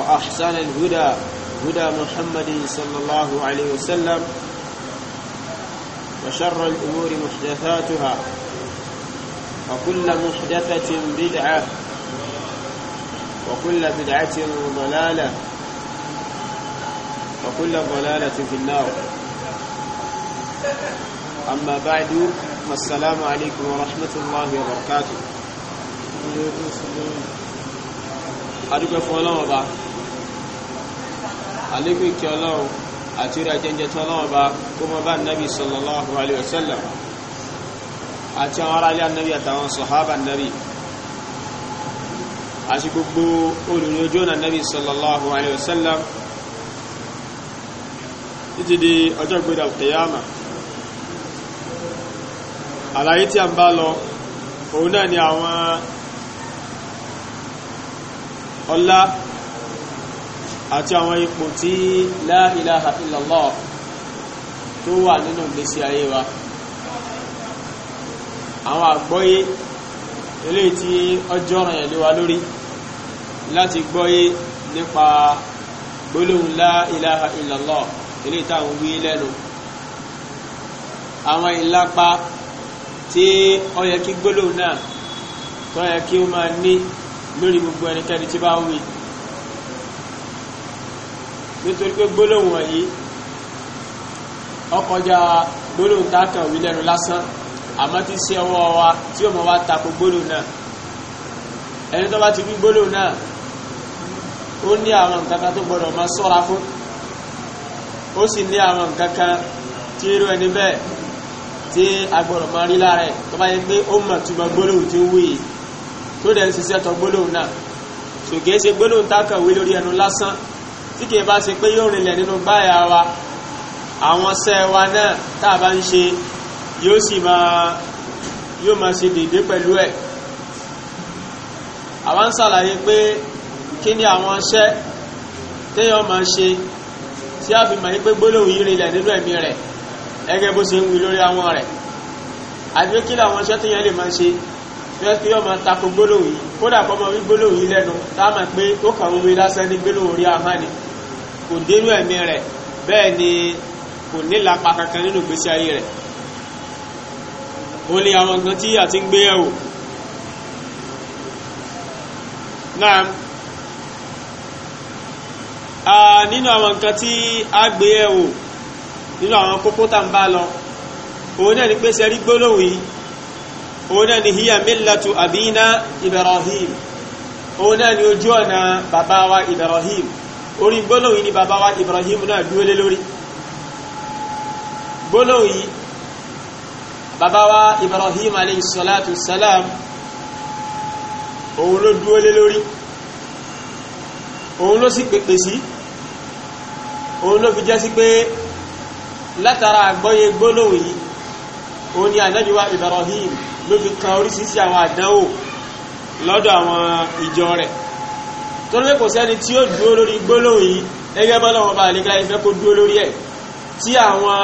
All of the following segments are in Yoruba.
وأحسن الهدى هدى محمد صلى الله عليه وسلم وشر الأمور محدثاتها وكل محدثة بدعة وكل بدعة ضلالة وكل ضلالة في النار أما بعد السلام عليكم ورحمة الله وبركاته أدوك فولا وبركاته àlékún ìkẹ́ ọlọ́run àti orí ajẹ́jẹ́ tó ọlọ́run bá kó mọ́ bá nàbí sallallahu alayhi wa sallam àti àwọn aráàlú ànábì àtàwọn sọ̀hábà ànábì àti gbogbo olùrìnàjò ànábì sallallahu alayhi wa sallam títí di ọjọ́ gbéra al àti àwọn ipò tí la ilaha illallah tó wà nínú ìgbésí ayé wa àwọn àgbọ́yé eléyìí tí ọjọ́ ọ̀ràn yẹn lé wa lórí láti gbọ́yé nípa gbólóhùn la ilaha illallah eléyìí táwọn wí lẹ́nu àwọn ìlápa tí ó yẹ kí gbólóhùn náà tó yẹ kí ó máa ní lórí gbogbo ẹnikẹ́ni tí bá ń wí nítorí pé gbólóhùn wọ̀nyí ọkọjá gbólóhùn tákàn wí lẹ́nu lásán àmọ́ ti ṣe ọwọ́ wa tí ó mọ̀ wá tako gbólóhùn náà ẹni tó bá ti wí gbólóhùn náà ó ní àwọn nǹkan kan tó gbọdọ̀ máa ṣọ́ra fún ó sì ní àwọn nǹkan kan tí irú ẹni bẹ́ẹ̀ tí a gbọdọ̀ máa rí lára ẹ̀ tó bá yẹ pé ó mọ̀ túmọ̀ gbólóhùn tí ń wí yìí tó dẹ̀ ń ṣiṣẹ́ tọ gbólóhùn náà ṣùgbọ́n ṣe gbólóhùn tákàn wí lórí ẹnu lásán tí kìí bá se pé yóò rinlẹ̀ nínú gbáyà wa àwọn sẹ́ wa náà tá a bá ń ṣe yóò sì máa yóò máa ṣe dédé pẹ̀lú ẹ̀ àwa ń ṣàlàyé pé kí ni àwọn iṣẹ́ téèyàn máa ṣe tí a fi mọ̀ pé gbólóhùn yìí rinlẹ̀ nínú ẹ̀mí rẹ̀ ẹgẹ́ bó ṣe ń wí lórí àwọn rẹ̀ àbí kí làwọn iṣẹ́ téèyàn lè máa ṣe fẹ́ kí ọmọ tako gbólóhùn yìí kódà kọ́ mọ wí gbólóhùn yìí lẹ́nu tá a mọ̀ pé ó kàn ń wí lásán ní gbólóhùn orí ahọ́n ni kò dénú ẹ̀mí rẹ̀ bẹ́ẹ̀ ni kò nílapa kankan nínú ìgbésí ayé rẹ̀ ó ní àwọn nǹkan tí a ti ń gbé ẹ̀wò náà nínú àwọn nǹkan tí a gbé ẹ̀wò nínú àwọn kókó tá ń bá lọ òun náà ni pé sẹ́rí gbólóhùn yìí òun náà ni hiya millatu abina Ibrahim òun náà ni ojú ọ̀nà bàbá wa Ibrahim orí gbólóhùn yìí ni bàbá wa Ibrahim náà dúró lé lórí gbólóhùn yìí bàbá wa Ibrahim alayhi salatu salam òun ló dúró lé lórí òun ló sì pèpè sí òun ló fi jẹ́ sí pé látara àgbọ́yé gbólóhùn yìí òun ni ànábì Ibrahim ló fi kan oríṣiríṣi àwọn àdánwò lọ́dọ̀ àwọn ìjọ rẹ̀ torí pé kò sẹ́ni tí ó dúró lórí gbólóhùn yìí gẹ́gẹ́ bọ́lọ́wọ́n bá àlíkà ìfẹ́ kó dúró lórí ẹ̀ tí àwọn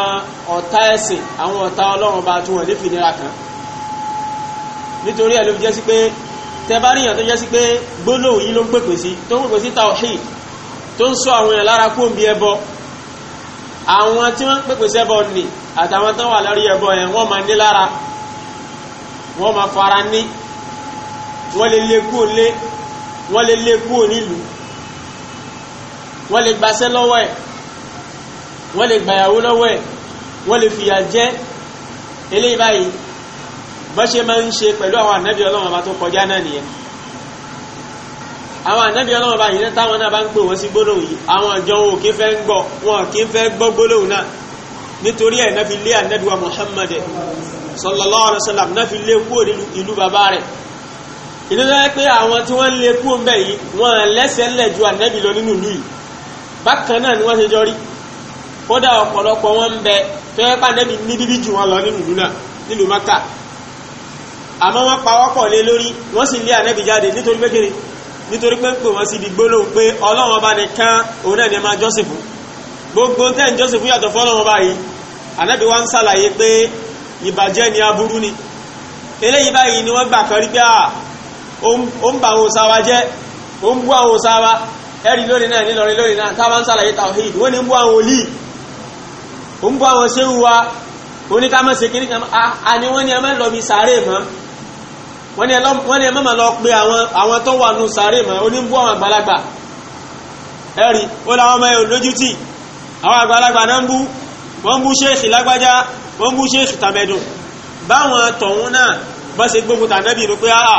ọ̀tá ẹ̀sìn àwọn ọ̀tá ọlọ́wọ́n bá tún wọ̀n nífi nira kan nítorí ẹ̀ ló fi jẹ́ sí pé tẹ́báríyàn tó jẹ́ sí pé gbólóhùn yìí ló ń pèpè sí tó ń pèpè sí tawhid tó ń sọ àwọn èèyàn lára kó ń bí ẹbọ àwọn tí wọ́n ń pèpè sí ẹbọ nì àtàwọn tó wà lórí ẹbọ yẹn wọ́n máa ní lára wọ́n máa fara ní wọ́n lè lé kúrò lé wọ́n lè lé kúrò nílùú wọ́n lè gbaṣẹ́ lọ́wọ́ ẹ̀ wọ́n lè gbàyàwó lọ́wọ́ ẹ̀ wọ́n lè fìyà jẹ́ eléyìí báyìí bọ́n ṣe máa ń ṣe pẹ̀lú àwọn ànábì ọlọ́run ọba tó kọjá náà nìyẹn àwọn ànábì ọlọ́run ọba yìí ní táwọn náà bá ń pè wọ́n sí gbólóhùn yìí àwọn ìjọ wọn ò kí fẹ́ ń gbọ́ wọn kì í fẹ́ gbọ́ gbólóhùn náà nítorí ẹ̀ náà fi lé ànábì wa Muhammad sallallahu alaihi náà fi lé kúrò nílùú bàbá rẹ̀ ìlú tó yẹ pé àwọn tí wọ́n lé kú mbẹ́ yìí wọ́n lẹ́sẹ̀ lẹ̀ ju ànábì lọ nínú ìlú yìí bákan náà ni wọ́n ṣe jọ rí kódà ọ̀pọ̀lọpọ̀ wọn ń bẹ tó yẹ pé ànábì ní bíbí jù wọn lọ nínú ìlú náà nínú maka àmọ́ wọ́n pa wọ́pọ̀ lé lórí wọ́n sì lé ànábì jáde nítorí pé kiri nítorí pé pé wọ́n sì di gbólóhùn pé ọlọ́run ọba nìkan òun náà ni máa jọ́sìn fún gbogbo tẹ́ ń jọ́sìn yàtọ̀ fọ́lọ́run ọba yìí wa ń ṣàlàyé pé ìbàjẹ́ ni aburú ni eléyìí báyìí ni wọ́n gbà kan rí pé à ah, ó ń bá àwọn òsáwá jẹ́ ó ń bú àwọn òsáwá ẹ̀rí lórí náà nílọrin lórí náà tábà ń sàlàyé tawhid wọ́n ní ń bú àwọn olí ó ń bú àwọn ṣéwù wa oníkàmọ́ ṣe kiri kan a ni wọ́n ní ẹ má lọ bí sàárè mọ́ wọ́n ní ẹ má lọ pé àwọn tó wà nù sàárè mọ́ ó ní ń bú àwọn àgbàlagbà ẹ̀rí ó láwọn ọmọ ẹ̀ lójútì àwọn àgbàlagbà náà ń bú wọ́n bú ṣéèkì lágbájá wọ́n bú ṣéèkì tàmẹ́dùn báwọn tọ̀hún náà bá gbógun tànẹ́bì ní pé àà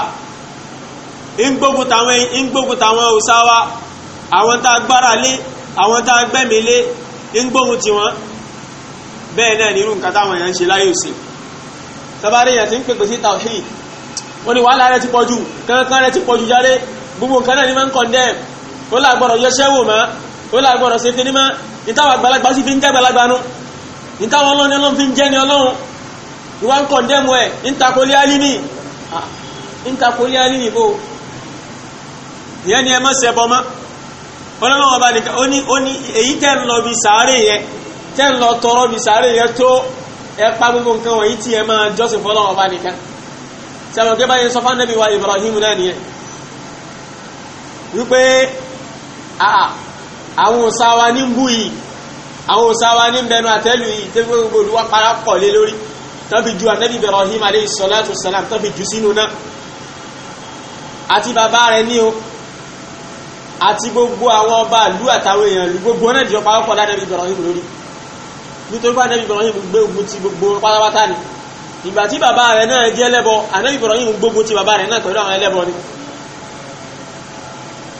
ńgbógun tàwọn ńgbógun tàwọn òòṣà wa àwọn tá a gbára lé àwọn tá a gbẹ́mí lé ńgbógun tiwọn bẹ́ẹ̀ náà nínú nǹkan táwọn èèyàn ń ṣe láyé òsè tabari èèyàn ti ń pèpè sí tawhid wọ́n ní wàhálà rẹ ti pọ̀jù kankan rẹ ti pọ̀jù jáde gbogbo nǹkan náà ni máa ń condemn ó làgbọ́dọ̀ yọṣẹ́ wò má ó làgbọ́dọ̀ ṣe kíní má ìtawọ̀ àgbàlagbà sì fi ń jẹ́ àgbàlagbà nu ìtawọ̀ ọlọ́run ọlọ́run fi ń jẹ́ ni ọlọ́run ìwà ń condemn ẹ̀ ń takò lé ni ń takò lé ni bó ìyẹn ni ẹ mọ́ sẹ́bọ mọ́ ọlọ́wọ́n bá nìkan ó ní èyí tẹ́ ń lọ bí sàárè yẹn tẹ́ ń lọ tọrọ bí sàárè yẹn tó ẹ pa gbogbo nǹkan wọ̀nyí tí ẹ máa jọ́sìn fọlọ́wọ́n bá nìkan sẹ́wọ̀n kí báyìí sọ fánàbí wa Ibrahim náà nìyẹn wípé àwọn òsáwa ní ń bú yìí àwọn òsáwa ní ń bẹnu àtẹ́lù yìí tẹ́ gbogbo olúwa parapọ̀ lé lórí tọ́bi ju anabi Ibrahim aleyhi salatu salam tọ́bi ju sínú náà àti bàbá rẹ̀ ní o àti gbogbo àwọn ọba ìlú àtàwọn èèyàn ìlú gbogbo náà jọ pàápàá dá nẹ́bí Ibrahim lórí nítorí pé nẹ́bí Ibrahim gbé ogun ti gbogbo pátápátá ni ìgbà tí bàbá rẹ̀ náà jẹ́ lẹ́bọ ànẹ́bí Ibrahim gbógun ti bàbá rẹ̀ náà pẹ̀lú àwọn ẹlẹ́bọ ni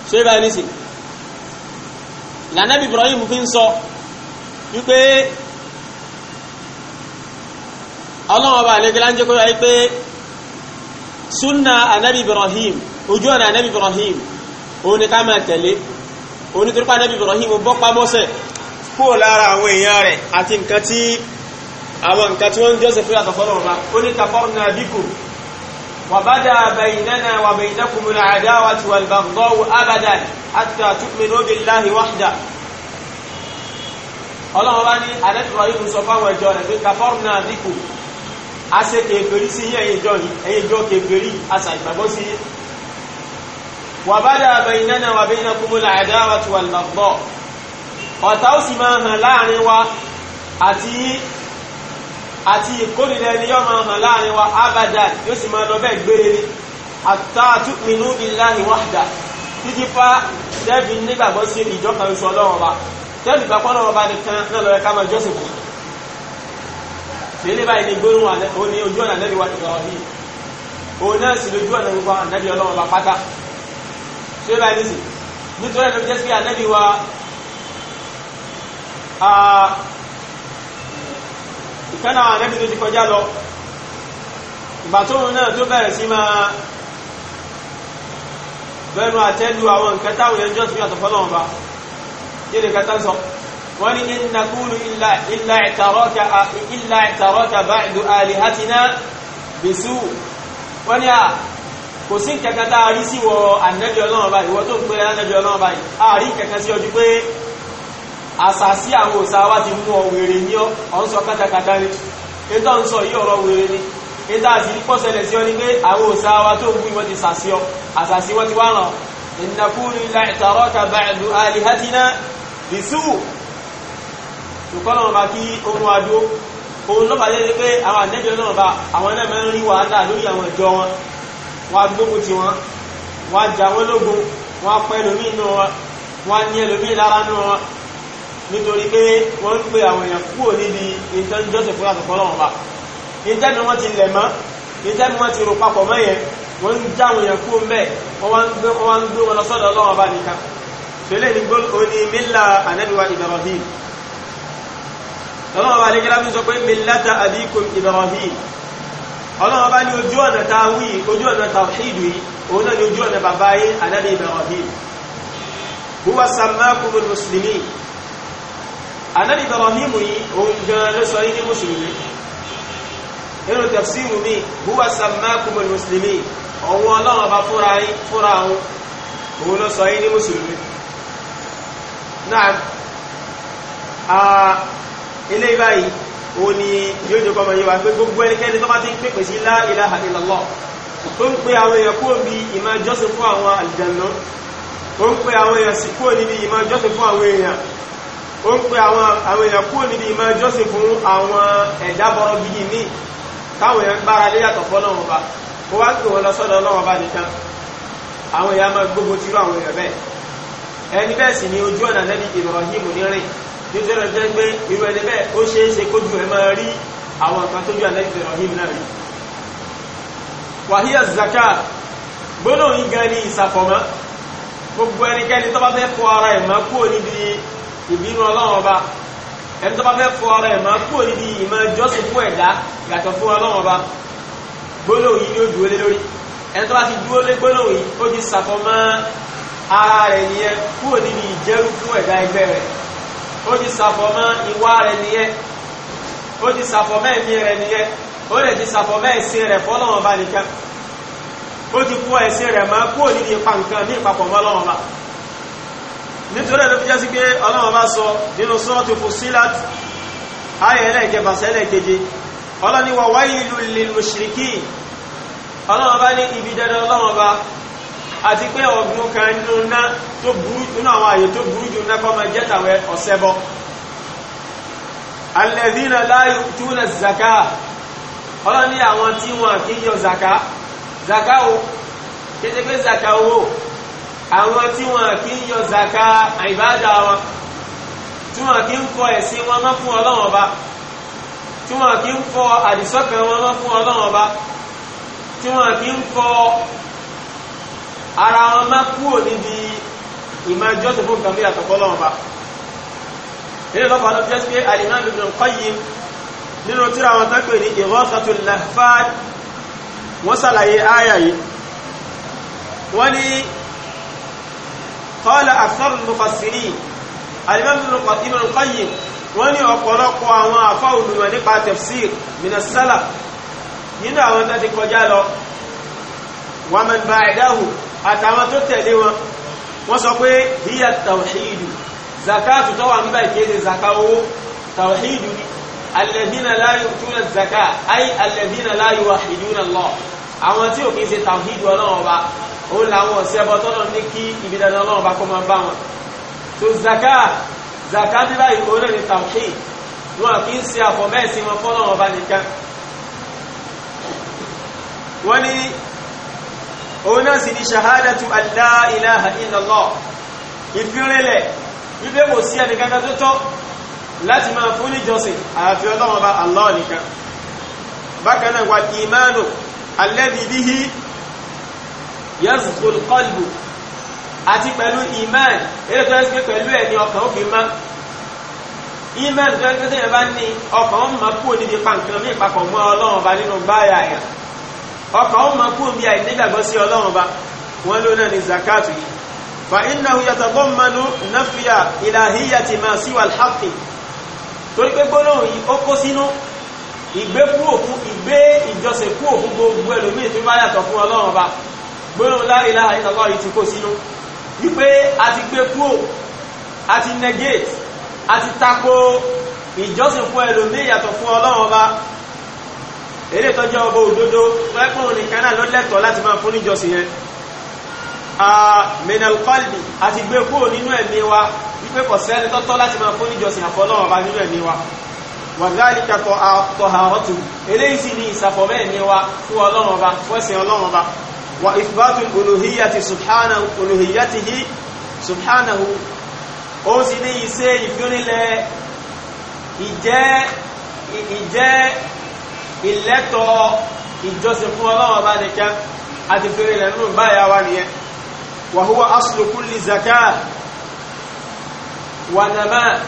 ṣé báyìí nìsí lànẹ́bí Ibrahim fi ń sọ wípé ọlọ́wọ́n ọba àlejò láńjẹ́ kó yọ wípé sunna ànẹ́bí Ibrahim ojú ọ̀nà ànẹ́bí Ibrahim òun ni ká máa tẹ̀lé òun ni torípa nẹ́bí Ibrahim bọ́ pamọ́sẹ̀ kúrò lára àwọn èèyàn rẹ̀ àti nǹkan tí àwọn nǹkan tí wọ́n ń jọ́sẹ̀ fún àtọ̀fọ́nà ọba ó ní kafarna bikum wa bada baynana wa baynakumul adawatu wal baghdau abadan hatta tu'minu billahi wahda ọlọ́run bá ní ànẹ́bí Ibrahim sọ fáwọn ẹjọ́ rẹ̀ pé kafarna bikum a ṣe kèfèrí sí yẹn ẹ̀yìn ìjọ kèfèrí àṣà ìgbàgbọ́ sí yẹn وبدا بيننا وبينكم العداوة والبغضاء ọ̀tá ó sì máa hàn láàrin wa àti àti ìkórìíra ẹni yóò máa hàn láàrin wa abadan yóò sì máa lọ bẹ́ẹ̀ gbére ni hatta tu'minu billahi títí fa dẹ́bi nígbàgbọ́ sí ìjọkan oṣù ọlọ́run ọba tẹ́bi gbàgbọ́ ọlọ́run nìkan náà lọ́rẹ́ ká máa jọ́sìn fún tẹ́lẹ̀ báyìí ni gbóhùn òní ojú ọ̀nà ṣé bá ní sí nítorí ẹ̀lọ́ jẹ́ sí ànábì wa ìkánná ànábì tó ti kọjá lọ ìgbà tóun náà tó bẹ̀rẹ̀ sí máa bẹ́nu àtẹ́lú àwọn nǹkan táwọn ẹjọ́ sí àtọ̀ fọ́lọ́wọ́n bá kí ni kẹta sọ wọ́n ní iná kúrú ilá ìtàrọ́kà báyìí àlìhátínà bèsú wọ́n ní à kò sí nǹkankan tá a rí sí wọ ànẹ́bí ọlọ́run báyìí wọ́n tó ń pè ànẹ́bí ọlọ́run báyìí a rí nǹkankan sí ọdún pé àṣà sí àwọn òṣà wá ti mú ọ wèrè ní ọ ń sọ kátàkátà rí ètò ń sọ yí ọ̀rọ̀ wèrè ni ètò àti ní pọ́sẹ̀lẹ̀ sí ọ ni pé àwọn òṣà wa tó ń bú ìwọ́n ti sàṣì ọ àṣà sí ti wá ràn ìnàkúrú ilá wọ́n agbógun ti wọn wọ́n ajá wọn lógun wọ́n apẹ́ ẹlòmíì nù wọn wọ́n ní ẹlòmíì lára nù wọn nítorí pé wọ́n ń pe àwọn èèyàn kúrò níbi ìtẹ́njọ́sìn fún àtọ̀kọ́ lọ́wọ́ wa ìtẹ́nu wọn ti lẹ̀ mọ́ ìtẹ́nu wọn ti rò papọ̀ mọ́ yẹn wọ́n ń já àwọn èèyàn kúrò mbẹ́ wọ́n wá ń gbé wọn lọ sọ́dọ̀ Ọlọ́run bá nìkan tẹ́lẹ̀ ní gbọ́dọ̀ ní mílà ànábìwá Ibrahim Ọlọ́run bá lè kíra fi sọ pé mílà ọlọ́run bá ní ojú ọ̀nà ta wí ojú ọ̀nà tawhidu yìí òun náà ní ojú ọ̀nà bàbá yìí ànábì Ibrahim huwa sammakumul muslimin ànábì Ibrahim yìí òun gan ló sọ yìí ní mùsùlùmí nínú tafsiru mi huwa sammakumul muslimin ọ̀hun ọlọ́run bá fúnra yìí fúnra òun òun ló sọ yìí ní mùsùlùmí náà ilé ah, báyìí ó ní yóò jẹ́ kọ́mọ̀ yíwa pé gbogbo ẹnikẹ́ni tó bá ti ń pèpè sí la ilaha illallah tó ń pè àwọn èèyàn kúrò bí ìmá jọ́sìn fún àwọn àlùjànnú ó ń pè àwọn èèyàn sí kúrò níbi ìmá jọ́sìn fún àwọn èèyàn ó ń pè àwọn èèyàn kúrò níbi ìmá jọ́sìn fún àwọn ẹ̀dá bọ́rọ̀ gidi ní táwọn èèyàn gbára lé yàtọ̀ fọ́lọ́wọ́n ba ó wá pè wọn lọ sọ́dọ̀ ọlọ́wọ́n ba nìkan àwọn èèyàn máa gbógun tìrú àwọn èèyàn bẹ́ẹ̀ ẹni bẹ́ẹ̀ ni ojú ọ̀nà nítorí ọjọ́ pé irú ẹni bẹ́ẹ̀ ó ṣe é ṣe kójú ẹ máa rí àwọn nǹkan tójú àlẹ́jì Ibrahim náà rí wàhíyà zaka gbóná yìí gan ni ìsàfọ̀mọ́ gbogbo ẹnikẹ́ni tó bá fẹ́ fọ ara ẹ̀ máa kúrò níbi ìbínú ọlọ́run ọba ẹni tó bá fẹ́ fọ ara ẹ̀ máa kúrò níbi ìmọ̀ ìjọsìn fún ẹ̀dá yàtọ̀ fún ọlọ́run ọba gbóná yìí ni ó dúró lé lórí ẹni tó bá ti dúró lé gbóná yìí ó ti sàfọ̀mọ́ ara rẹ̀ nìyẹn kúrò níbi ìjẹ́rú fún ẹ̀dá ẹgbẹ́ rẹ̀ ó ti sàfọ̀mọ́ ìwà rẹ̀ nìyẹn ó ti sàfọ̀mọ́ ẹ̀mí rẹ̀ nìyẹn ó lè ti sàfọ̀mọ́ ẹ̀sìn rẹ̀ fọ́lọ́wọ́n bá nìkan ó ti kú ẹ̀sìn rẹ̀ máa kú òní ipa nǹkan ní ìpapọ̀ mọ́ ọlọ́wọ́n bá nítorí ẹ̀ ló fi jẹ́ sí pé ọlọ́wọ́n bá sọ nínú sọ́ọ̀tù Fussilat ayé ẹlẹ́ẹ̀kẹfà sẹ́lẹ̀keje ọlọ́ni wa waylul lil mushrikin ọlọ́wọ́n bá ní ibi dandan ọlọ́wọ́n bá àti pé ọ̀gbun kan nínú ná tó burú nínú àwọn àyè tó burú jù náà kọ́mọ jẹ́ tàwọn ọ̀sẹ́bọ alladhina la yu'tuna zaka ọlọ́ni àwọn tí yọ zaka zaka o kété pé zaka owó àwọn tí yọ zaka àìbáàdà wọn tí wọn kì í kọ ẹ̀sìn wọn mọ́ fún ọlọ́wọ́n tí wọn kì wọn mọ́ fún ọlọ́wọ́n tí ara wọn má kúrò níbi ìmọ̀ jọ́sìn fún kan bí àtọ̀kọ́ lọ́wọ́n bá nínú lọ́pàá ló jẹ́ pé al-Imam Ibn Qayyim nínú tíra wọn tán pè ní Ighathatul Lahfan wọ́n sàlàyé áyà yìí wọ́n ní qala aktharul mufassirin al-Imam Ibn Qayyim wọ́n ní ọ̀pọ̀lọpọ̀ àwọn àfá olùmọ̀ nípa tafsir minasala nínú àwọn tó ti kọjá lọ wa man ba'dahu àtàwọn tó tẹ̀lé wọn wọ́n sọ pé hiya tawhidu zakatu tó wà nígbà ìkéde zaka owó tawhidu ni alladhina la yu'tuna zaka ay alladhina la yuwahhiduna Allah àwọn tí ò kí ń ṣe tawhidu ọlọ́run wọ́n ní òun náà sì ni ṣahádàtù allá ilaha illallah ìfìrìnlẹ̀ wípé kò sí ẹnìkankan tó tọ́ láti máa fún níjọsìn àyàfi ọlọ́run bá allah nìkan bákan náà wà ìmánu alladhi bihi yazqul qalbu àti pẹ̀lú ìmán eré tó ẹ́sì pé pẹ̀lú ẹ̀ ní ọkàn ó fi má ìmán tó ẹ́sì pé tẹ́yẹ̀ bá ní ọkàn ó mọ̀ kúrò níbi pàǹkan ní ìpapọ̀ mọ́ ọlọ́run bá nínú báyà yàn ọkàn ó máa kú omi àìnígbàgbọ́ sí ọlọ́run ba wọ́n ló náà ní zakat yìí fa innahu yatadammanu nafiya ilahiyyati ma siwa alhaqi torí pé gbólóhùn yìí ó kó sínú ìgbé kúrò fún ìgbé ìjọsìn kúrò fún gbogbo ẹlòmíì tó bá yàtọ̀ fún ọlọ́run ba gbólóhùn la ilaha illallah yìí ti kó sínú wípé a ti gbé kúrò a ti negate a ti tako ìjọsìn fún ẹlòmíì yàtọ̀ fún ọlọ́run ba eré tọ́jọ́ ọba òdodo pẹ́pọ̀n nìkan náà ló lẹ́tọ̀ọ́ láti máa fún níjọsìn yẹn minal qalbi àti gbé kúrò nínú ẹ̀mí wa wípé kò sẹ́ni tọ́tọ́ láti máa fún níjọsìn àfọlọ́run ọba nínú ẹ̀mí wa wàdálìkà tọ̀hárọ́tù eléyìí sì ni ìsàfọ̀mẹ́ ẹ̀mí wa fún ọlọ́run ọba fọ́sìn ọlọ́run ọba wa ìfúbátù olùhíyàtì subhanahu olùhíyàtìhí subhanahu ó sì ní iṣẹ́ ìfúnnilẹ̀ ìjẹ́ ìlẹ́tọ̀ ìjọsìn fún ọlọ́wọ́ bá nìkan àti fèrè lẹ́nu báyà wá nìyẹn wa huwa aslu kulli zakat wa nama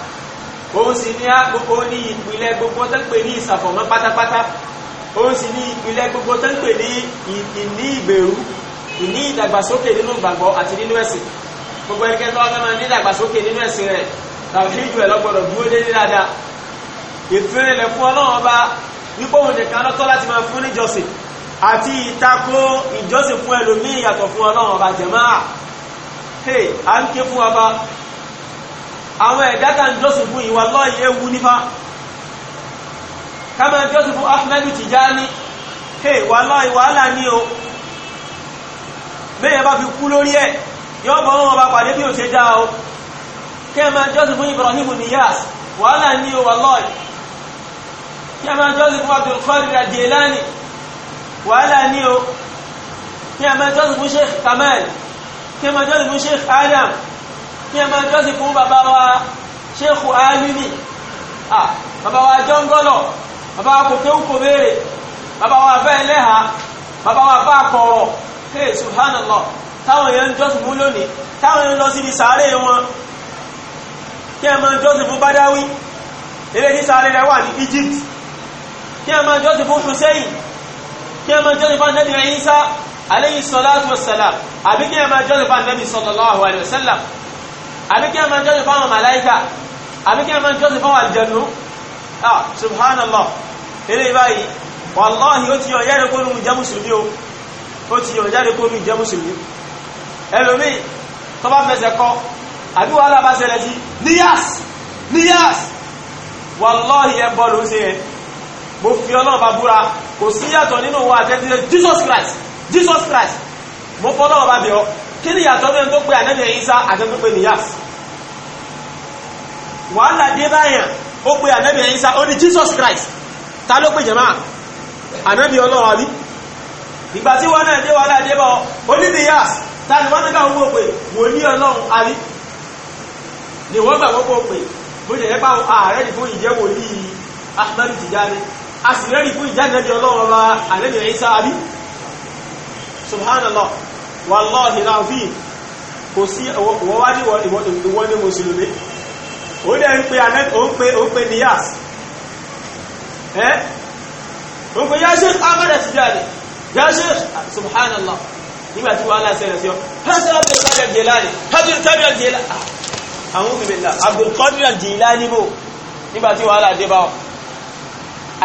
òun sì ní àgbogbo ní ìpìlẹ̀ gbogbo tó ń pè ní ìsàfọ̀mọ́ pátápátá òun sì ní ìpìlẹ̀ gbogbo tó ń pè ní ìní ìbẹ̀rù ìní ìdàgbàsókè nínú ìgbàgbọ́ àti nínú ẹ̀sìn gbogbo ẹnikẹ́ni tó ọgbẹ́ máa ní ìdàgbàsókè nínú ẹ̀sìn rẹ̀ tàbí ìjù ẹ̀ lọ́gbọ̀dọ̀ dúró dé ní dáadáa ìfẹ́rẹ̀lẹ̀ fún ọlọ́run ọba wípé òun nìkan lọ́tọ́ láti máa fún níjọsìn àti ìtakò ìjọsìn fún ẹlòmí ìyàtọ̀ fún ọlọ́run ọba jẹ̀máà hey à ń ké fún ọba àwọn ẹ̀dá tá ń jọsìn fún ìwà lọ́yìn ewu nípa ká máa jọsìn fún Ahmadu Tijani hey wàláhì wàhálà ní o bẹ́ẹ̀ bá fi kú lórí ẹ̀ yọ́ bọ́ wọn bá pàdé bí ò ṣe dá o kẹ́ máa jọsìn fún Ibrahim Niyas wàhálà ní o wàláhì kí a máa jọ́sìn fún Abdul Qadir al-Jilani wàhálà ní o kí a máa jọ́sìn fún Sheikh Kamal kí a máa jọ́sìn fún Sheikh Adam kí a máa jọ́sìn fún bàbá wa Sheikh Amini ah bàbá wa jọ́ngọ́lọ̀ bàbá wa kò kéwù kò béèrè bàbá wa fẹ́ ẹlẹ́ha bàbá bá kọ̀ọ̀rọ̀ hey subhanallah táwọn èèyàn ń fún lónìí táwọn èèyàn lọ síbi sàárè wọn kí a fún Badawi eré ní sàárè rẹ̀ wà ní Egypt kí a máa jọ́sìn fún Hussein kí a máa jọ́sìn fún Ànábì Isa alayhi salatu wassalam àbí kí a máa jọ́sìn fún Ànábì sallallahu alayhi wa sallam àbí kí a máa jọ́sìn fún àwọn màláìka àbí kí a máa jọ́sìn fún àlùjànnú ah subhanallah eléyìí báyìí wàláhì ó ti yọ jáde kó nu jẹ́ mùsùlùmí o ó ti yọ jáde bọ́ọ̀lù ó ṣe yẹn mo fi ọlọ́run bá búra kò sí yàtọ̀ nínú wa àti ẹni Jesus Christ Jesus Christ mo fọ́ ọlọ́run bá bẹ̀ ọ́ kí ni yàtọ̀ nínú tó pe ànábì Ìsá àti ẹni tó pe nìyàs wàhálà dé báyàn ó pe ànábì Ìsá ó ní Jesus Christ ta ló pe jẹ̀má ànábì ọlọ́run àbí ìgbà tí wọ́n náà dé wàhálà dé bá ọ ó ní nìyàs ta ni wọ́n nígbà wọ́n pè wò ní ọlọ́run àbí ni wọ́n gbà wọ́n pè pé ààrẹ Ahmed Tijani a sì rẹ́rì fún ìjánẹ́bí ọlọ́run ọba àlẹ́bí Ìsá àbí subhanallah wallahi láàfíì kò sí wọ́n wá ní ìwọ́n ní mùsùlùmí ó dẹ̀ ń pe anẹ́kọ̀ọ́ ń pe ó ń pe niyas ẹ́ ó ń pe yá ṣe ahmed Tijani yá ṣe subhanallah nígbà tí wàhálà ṣẹlẹ̀ sí ọ hásẹ̀ abdulkadir Jilani abdulkadir Jilani àwọn òbí bẹ̀rẹ̀ abdulkadir Jilani níbo nígbà tí wàhálà dé bá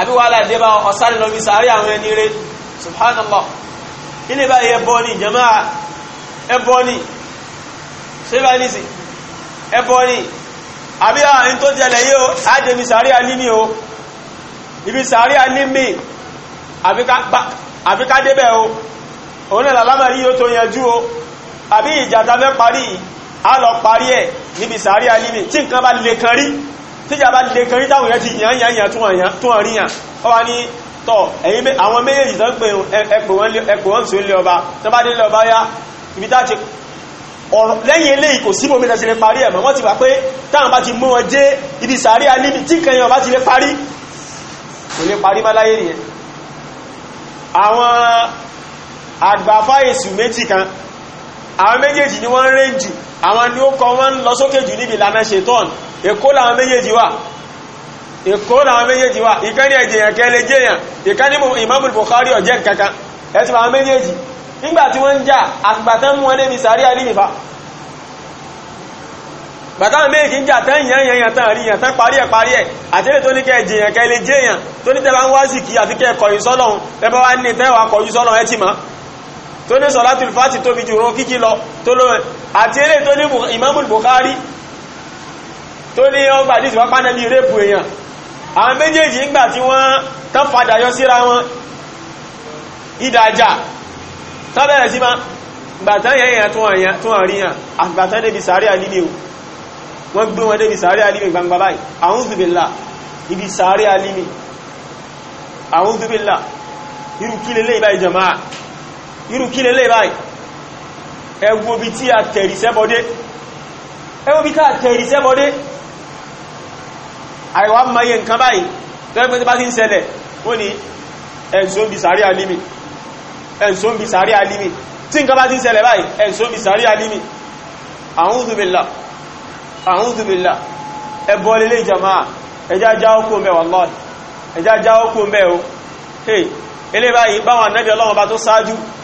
àbí wàhálà ìdẹ́bà ọ̀sáré lọ bí sàárè àwọn ẹni rẹ̀ subhanallah ilé báyìí ẹbọ ni jama'a ẹbọ ni ṣe bá ní sí ẹbọ ni àbí àwọn tó jẹlẹ̀ yìí o àjẹmí sàárè alímì o ibi sàárè alímì àbí ká débẹ̀ o òun náà lálámàrí yóò tó yanjú o àbí ìjà parí a parí ẹ̀ níbi sàárè alímì tí nǹkan bá lè kan rí tíjàbá lè kan rí táwọn èèyàn ti yàn yàn yàn tún àríyàn ọ wá ní tọ́ ẹ̀yìn àwọn méjèèjì tó ń pè ẹ̀pọ̀ wọn tó ń lé ọba tó bá dé lé ọba yá ibi tá ti ọ̀rọ̀ lẹ́yìn eléyìí kò síbò mi tẹ́sílẹ̀ parí ẹ̀mọ́ wọ́n ti wà pé táwọn bá ti mú wọn jẹ́ ibi sàárì alíbi tí kẹyàn bá ti lè parí kò lè parí máláyé nìyẹn àwọn àgbàfáyèsù méjì kan àwọn méjèèjì ni wọ́n rẹ̀ jù àwọn ni ó kọ wọ́n lọ sókè jù níbi ìlànà ṣetán èkó làwọn méjèèjì wà èkó làwọn méjèèjì wà ìkànnì ẹ̀jẹ̀yàn kẹlẹ̀ jẹ́yàn ìkànnì Imamul Bukhari ọ̀jẹ́ kankan ẹ̀tì àwọn méjèèjì nígbà tí wọ́n ń jà àgbàtán mú wọn débi sàárì àlìyìnfà bàtàwọn méjì ń jà tán ìyàn yẹn yàn tán rí yàn tán ẹ tó ní sọ̀látùl fàtì tóbi jù rọ kíkí lọ tó lọ́wẹ́ àti eré tó ní Imamul Bukhari tó ní ọgbà dìsí wá pánẹ́bí rẹ́pù èèyàn àwọn méjèèjì ń gbà tí wọ́n tán fàdà yọ síra wọn ìdàjà tán bẹ̀rẹ̀ sí ma gbàtán yẹn yẹn tún àrí yàn àgbàtán débi sàárẹ̀ àlílé o wọ́n gbé wọn débi sàárẹ̀ àlílé gbangba báyìí a'udhu billah ibi sàárẹ̀ àlílé a'udhu billah irú kílélé ìbáyìí jama'a irú kí lélẹ̀ báyìí ẹwú obi tí a tẹ̀rì sẹ́bọdé ẹwú obi tí a tẹ̀rì sẹ́bọdé àìwá mayé nǹkan báyìí tẹ́gbẹ́ tí bá ti ń ṣẹlẹ̀ ó ní ẹ̀sùn bí sàárì alimi ẹ̀sùn bí sàárì alimi tí nǹkan bá ti ń ṣẹlẹ̀ báyìí ẹ̀sùn bí sàárì alimi a'udhu billah a'udhu billah ẹbọ́ lélẹ̀ jama'a ẹjá jáwọ́ kó mẹ́ wallahi ẹjá jáwọ́ kó mẹ́ o hey eléyìí báyìí báwọn anábì ọlọ́wọ́n bá tó ṣáájú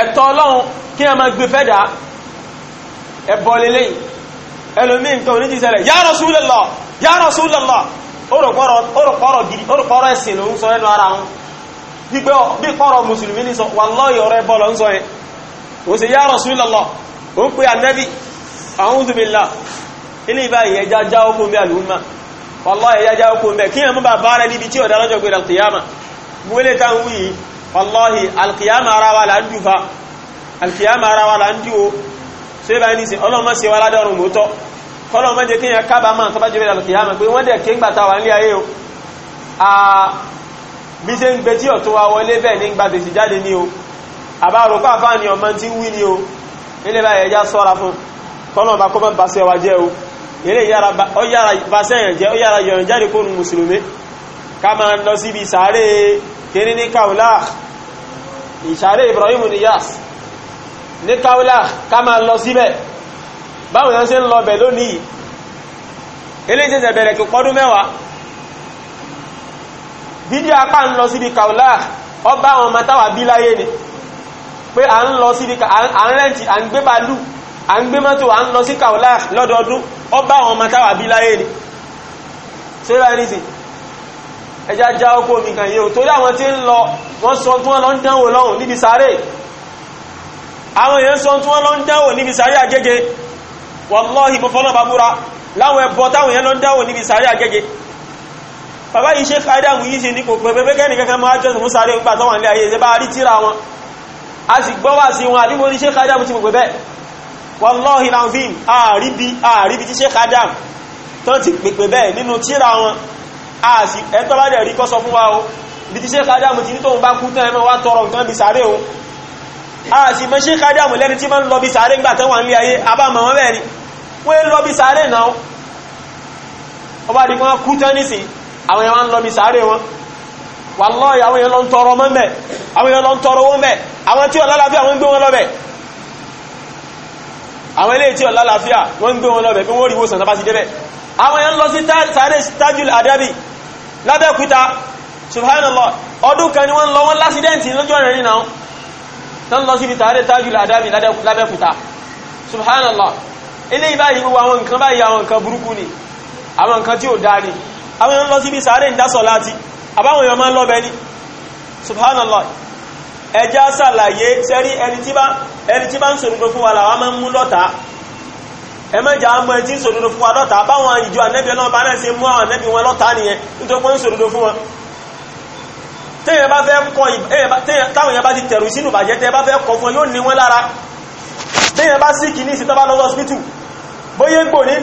ẹ̀tọ́ ọlọ́run kí ẹ máa gbé fẹ́dà ẹbọ lélẹ̀ ẹlòmí nǹkan oníjì ṣẹlẹ̀ ya Rasulullah ya Rasulullah orùpọ̀rọ̀ ẹ̀sìn ló ń sọ ẹnu ara wọn gbígbẹ́ bí pọ̀rọ̀ mùsùlùmí ní sọ wallahi ọ̀rọ̀ ẹbọ lọ ń sọ ẹ o sì ya Rasulullah o ń pè ànẹ́bí a'udhu billah ilé ìbá ìyẹjá já ókú mẹ́ àlùmá wallahi ìyẹjá ókú mẹ́ kí ẹ mú bàbá rẹ níbi tí ọ̀dá lọ́jọ́ gbé wallahi alkiyama ara wa la ń jù fa alkiyama ara wa la ń jù o ṣé báyìí ní sè ọlọ́mọ sí wa ládọ́rùn mọ́tọ́ kọ́lọ́mọ jẹ́ kéèyàn kábàámà tó bá jẹ́ bẹ́ẹ̀ alkiyama pé wọ́n dẹ̀ ké ńgbà tá wà nílé ayé o bí ṣe ń gbé tí ọ̀tún wa wọlé bẹ́ẹ̀ ní gbà tètè jáde ní o àbá àròkọ àfáàní ọmọ tí ń wí ní o nílé báyìí ẹja sọ́ra fún kọ́lọ́ ọba kọ́mọ́ bá sẹ́wà jẹ́ o eré yára bá sẹ́yàn jẹ́ ó yára yọ̀rìn jáde kó nu mùsùlùmí ká máa lọ síbi sàárè kíní ní kaula ìṣàrẹ́ Ibrahim Niyas ní kaula ká máa lọ síbẹ̀ báwọn yẹn ṣe ń lọ bẹ̀ lónìí ilé ìṣẹ̀ṣẹ̀ bẹ̀rẹ̀ kí pọ́dún mẹ́wàá dídí apá ń lọ síbi kaula ọba àwọn ọmọ táwà bí láyé ni pé à ń lọ síbi à ń rẹ́ǹtì à ń gbé bàálù à ń gbé mọ́tò à ń lọ sí kaula lọ́dọọdún ọba àwọn ọmọ táwà bí láyé ni ṣé báyìí nìsín ẹjá já ọkọ̀ omi kan o torí àwọn tí ń lọ wọ́n sọ tí wọ́n lọ ń dánwò lọ́hùn níbi sáré àwọn èèyàn sọ tí wọ́n lọ ń dánwò níbi sáré àgẹ́gẹ́ wallahi mo fọ́nà babúra láwọn ẹbọ táwọn èèyàn lọ ń dánwò níbi sáré àgẹ́gẹ́ bàbá yìí ṣe káàdàmù yìí ṣe ní kò pẹ̀pẹ̀ pé kẹ́nì kankan máa jọ́sùn fún sáré nígbà tó wà ní ayé ṣe bá rí tíra wọn a sì gbọ́ wà sí wọn àdígbò ní ṣe káàdàmù ti pẹ̀pẹ̀ bẹ́ẹ̀ wallahi lanfim àríbi àríbi ti ṣe káàdàmù tó ti pẹ̀pẹ̀ bẹ́ẹ̀ nínú tíra wọn ààsì ah, ẹ̀tọ́ bá dẹ̀ rí kọ́ sọ fún wa o bí ti Sheikh Adamu ti ní tóun bá kú tán ẹmọ́ wá tọrọ nǹkan bí sáré o ààsì ah, mọ́ Sheikh Adamu lẹ́ni tí máa ń lọ bí sáré ńgbà tán wà ń lé ayé abámọ̀ wọn bẹ́ẹ̀ ni wọ́n lọ bí sáré náà ọba di kan kú tán nísìn àwọn yẹn wá ń lọ bí sáré wọn wallahi àwọn yẹn lọ ń tọrọ mọ́ mẹ́ àwọn yẹn lọ ń tọrọ àwọn ilé tí ọ̀lá láfíà wọ́n ń gbé wọn lọ́bẹ̀ bí wọ́n rí wòsàn tàbá ti débẹ̀ àwọn èèyàn lọ sí sáré tajul adabi lábẹ́kúta subhanallah ọdún kan ni wọ́n lọ wọ́n lásìdẹ́ǹtì lọ́jọ́ rẹ̀ nínú tán lọ sí sáré tajul adabi lábẹ́kúta subhanallah ilé ìbáyìí gbogbo àwọn nǹkan báyìí àwọn nǹkan burúkú ni àwọn nǹkan tí ò dáa ni àwọn èèyàn lọ sí sáré ìdásọ̀ láti àbáwọn èèyàn máa ń lọ́bẹ̀ ni subhanallah ẹjá sàlàyé sẹ́rí ẹni tí bá ń sòdodo fún wa làwọn máa ń mú lọ́ta ẹ mẹ́jà á mọ ẹtí ń sòdodo fún wa lọ́ta báwọn ìjọ ànẹ́bí ọlọ́run bá náà ṣe mú àwọn ànẹ́bí wọn lọ́ta nìyẹn nítorí wa ń sòdodo fún wọn téèyàn bá fẹ́ kọ táwọn yẹn bá ti tẹ̀rù sínú bàjẹ́ tẹ́ bá fẹ́ kọ fún yóò ní wọn lára téèyàn bá bóyá egbò ní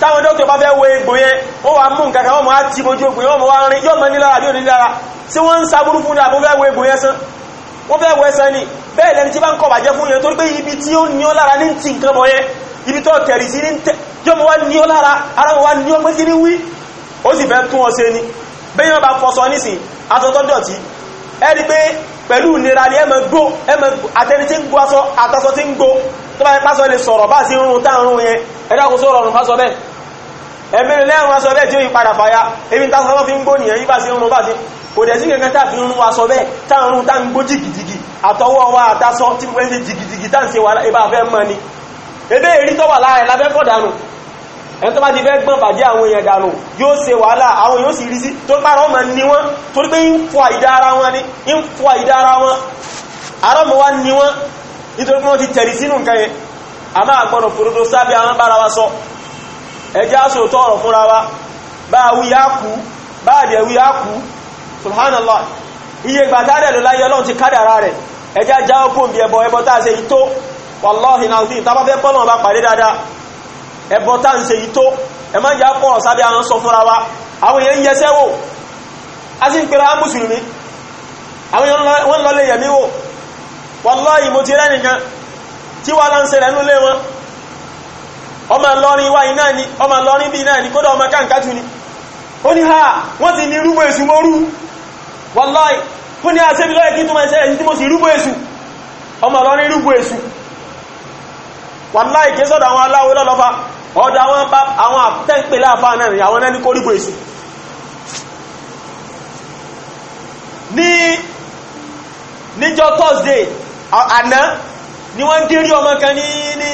táwọn dókítà bá fẹ́ wo egbò yẹn wọ́n wá mú nǹkan kan wọ́n egbò yẹn wọ́n wá rin yóò nílára yóò nílára wọ́n ń ní wo egbò yẹn sán wọ́n fẹ́ wẹ́sẹ́ ni bẹ́ẹ̀ lẹni tí bá ń kọ̀ bàjẹ́ fún yẹn torí pé ibi tí ó ní ọ́ lára ní ti nǹkan bọ̀ yẹn ibi tó tẹ̀rì sí ní tẹ̀ yọmọ wá ní ọ́ lára ara wa ní ọ́ pé kí ní wí ó sì fẹ́ tún ọ ṣe ni bẹ́ẹ̀ yẹn bá fọṣọ nísìn atọ́tọ́ dọ̀tí ẹ rí pé pẹ̀lú ìnira ni ẹ mọ gbó ẹ mọ àtẹni tí ń gbó aṣọ àtọṣọ tí ń gbó tó bá pásọ lè sọ̀rọ̀ bá sí rún tá rún yẹn ẹ dákun sọ̀rọ̀ ọ̀run fásọ bẹ́ẹ̀ ẹ̀mí lẹ́rùn aṣọ bẹ́ẹ̀ tí ó yí padà fàya ebi ń tásọ fi ń gbó nìyẹn yí bá sí rún bá sí kò dẹ̀ sí kankan táàfin rún wa sọ bẹ́ẹ̀ táàrún táà ń gbó jìgìjìgì àtọwọ́ wa àtásọ tí wọ́n ṣe jìgìjìgì táà ń ṣe wà ibà fẹ́ mọ́ ni ebé èrí tó wà láàrẹ̀ lábẹ́fọ́ dànù ẹni tó bá ti fẹ́ gbọ́n bàjẹ́ àwọn èèyàn dànù wa ni wọ́n nítorí pé wọ́n ti tẹ̀rí sínú nǹkan yẹn a máa gbọ́dọ̀ fòdodo sábẹ́ àwọn bára wa sọ ẹjẹ́ àṣòótọ́ ọ̀rọ̀ fúnra wa bá wí á kú kú subhanallah iye gbàtàdẹ̀ ló láyé ọlọ́run ti kádàrá rẹ̀ ẹjá já ọkùn bí ẹbọ ẹbọ táà ṣe yí tó wàláhì náà sí tàbá fẹ́ pọ́nà bá pàdé dáadáa ẹbọ táà ń ṣe yí tó ẹ má já pọ̀ sábẹ́ wa àwọn èèyàn ń yẹsẹ́ wò a sì ń pera mùsùlùmí àwọn èèyàn wọ́n lọ lè wò wàláhì mo ti rẹ́ nìkan tí ń wọn ọmọ wáyé náà ni ọmọ bíi náà ha wọ́n ti ní wàláì fún ní àṣẹ́bí lọ́yẹ̀ kí tó máa ṣe ẹni tí mo sì rúgbò èṣù ọmọ lọ ní rúgbò èṣù wàláì jẹ́ sọ́dọ̀ àwọn aláwọ̀ lọ́lọ́fà ọ̀dọ̀ àwọn àtẹ́ǹpẹ̀ láàfà náà ni àwọn ẹni kó rúgbò èṣù ní níjọ́ Thursday àná ni wọ́n dín rí ọmọ kan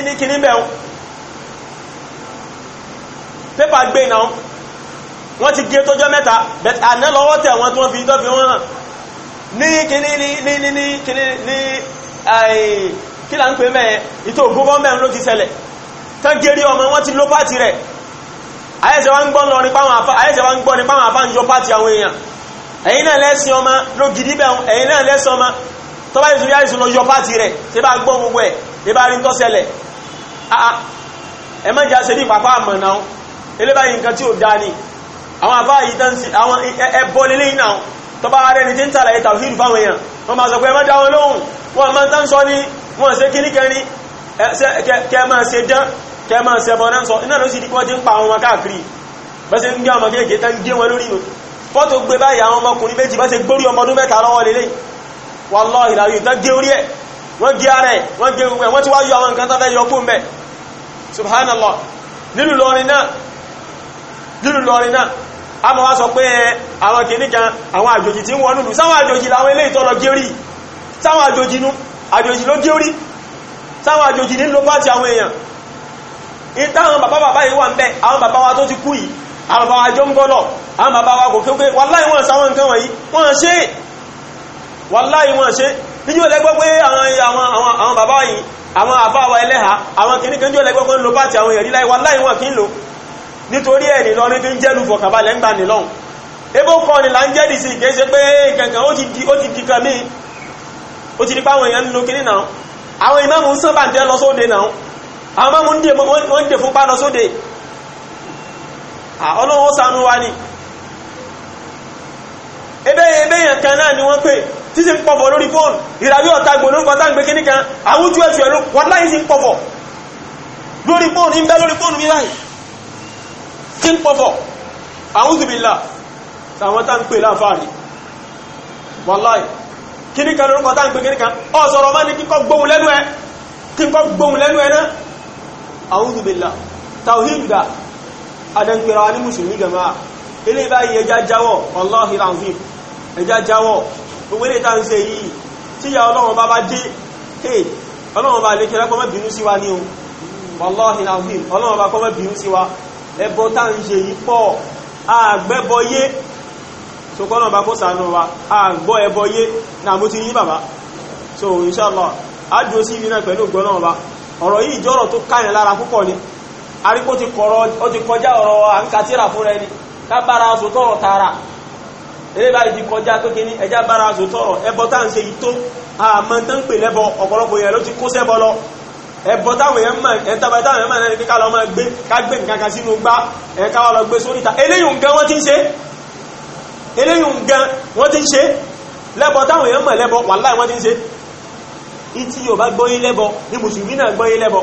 ní kìnnìbẹ̀rún pépà gbé náà wọ́n ti gé tọ́jọ́ mẹ́ta bẹ̀tẹ̀ àná lọ́wọ́ tẹ̀ wọ́n tó fi tọ́ fi wọ́n hàn ní kíní ní ní ní kíní ní kí là ń pè mẹ́ ìtò gbogbo mẹ́rin ló ti ṣẹlẹ̀ tán gẹ́rí ọmọ wọ́n ti ló pàtì rẹ̀ ayẹ́sẹ̀ wá ń gbọ́ nípa àwọn àfáà ń yọ pàtì àwọn èèyàn ẹ̀yin náà lẹ́sìn ọmọ ló gidi bẹ̀ ẹ̀yin náà lẹ́sìn ọmọ tó bá ìsúyá ìsú lọ yọ pàtì rẹ̀ tí bá gbọ́ gbogbo ẹ̀ tí bá rí ń àwọn àbá yìí tán sí àwọn ẹbọ lélẹ́ yìí náà tó bá rẹ̀ ní tí ń tàlàyé tàwíìdù fáwọn èèyàn wọ́n máa sọ pé ẹ má dá wọn lóhùn wọ́n máa tán sọ ní wọ́n ṣe kíní kẹni kẹ máa ṣe dán kẹ máa ṣe ẹbọ náà sọ iná ló sì di wọ́n ti ń pa àwọn ọmọ káàkiri bá ṣe ń gbé ọmọ kéèké tán gé wọn lórí nu fọ́tò gbé báyìí àwọn ọmọkùnrin méjì bá ṣe gbórí ọmọ ọdún mẹ́ta lọ́wọ́ lélẹ̀ wallahi ìlàrí ìtàn gé orí ẹ̀ wọ́n gé ara ẹ̀ wọ́n gé gbogbo ẹ̀ wọ́n ti wá yọ àwọn nǹkan tó fẹ́ yọ kún bẹ̀ subhanallah nínú lọrin náà nínú lọrin náà a máa wá sọ pé eh, àwọn kìíní kan àwọn àjòjì tí ń wọnú lù sáwọn àjòjì láwọn ilé ìtọ́lọ gérí sáwọn àjòjì nú àjòjì ló gérí sáwọn àjòjì nílò pàtí àwọn èèyàn ìtàwọn bàbá bàbá yìí wà ń bẹ àwọn bàbá wa tó ti kú yìí àwọn bàbá wa jọ ń gọ́lọ̀ àwọn bàbá wa kò kéwké wàláì wọ́n sáwọn nǹkan wọ̀nyí wọ́n ṣe wàláì nítorí ẹ̀ nìlọ ní fi ń jẹ́lu fọ̀kànbalẹ̀ ń gbà nìlọ́hùn ebó kọ́ ni là ń jẹ́dì sí kìí ṣe pé kankan ó ti di kan míì ó ti di pàwọn èèyàn nínú kìíní náà àwọn ìmáàmù ń sán bàǹdẹ́ lọ sóde náà àwọn ìmáàmù ń dè wọ́n ń dè fún pa lọ sóde ọlọ́run ó ṣàánú wa ni ebe ebe èèyàn kan náà ni wọ́n pè tí sì ń pọ̀fọ̀ lórí fóònù ìràwé ọ̀tá gbòòrò ń kọjá ìgbé kìíní kan àwùjọ ẹ̀fẹ̀ wọ́n láyé sì ń pọ̀fọ̀ lórí fóònù ń bẹ́ lórí fóònù mi báyìí tí ń pọ̀fọ̀ àwúzùbílà àwọn tá ń pè láàfáàrí wàláì kí ní kan lórúkọ tá ń pè kíníkan ọ̀sọ̀rọ̀ máa ní kíkọ́ gbóhun lẹ́nu ẹ kíkọ́ gbóhun lẹ́nu ẹ náà àwúzùbílà tàwíìdà ní mùsùlùmí ọlọ́run bá lè kẹrẹ́ kọ́mọ́ bínú sí wa ní o wàláhì ránfíì ọlọ́run bá kọ́mọ́ bínú sí wa ẹbọ tá ń ṣe yìí pọ̀ àgbẹ́bọ yé so bá kó sànú wa náà mo ti so inshallah ájú sí ibi náà pẹ̀lú ògbọ́n náà wa ọ̀rọ̀ yìí jọ́rọ̀ tó káyàn lára púpọ̀ ni arípò ti kọjá ọ̀rọ̀ àǹkàtírà fún rẹ ni ká bára aṣọ tọrọ tààrà eré báyìí ti kọjá tó ẹjá ẹbọ táwọn èèyàn mọ̀ ẹ̀ntàbà táwọn èèyàn mọ̀ náà ni pé kálọ̀ máa gbé kágbé nǹkan kan sínú gbá ẹ̀ka wà lọ gbé sóríta eléyìí gan wọ́n ti ń ṣe eléyìí gan wọ́n ti ń ṣe lẹ́bọ táwọn èèyàn mọ̀ lẹ́bọ wàláhì wọ́n ti ń ṣe ìtí Yorùbá gbọ́yé lẹ́bọ ni mùsùlùmí náà gbọ́yé lẹ́bọ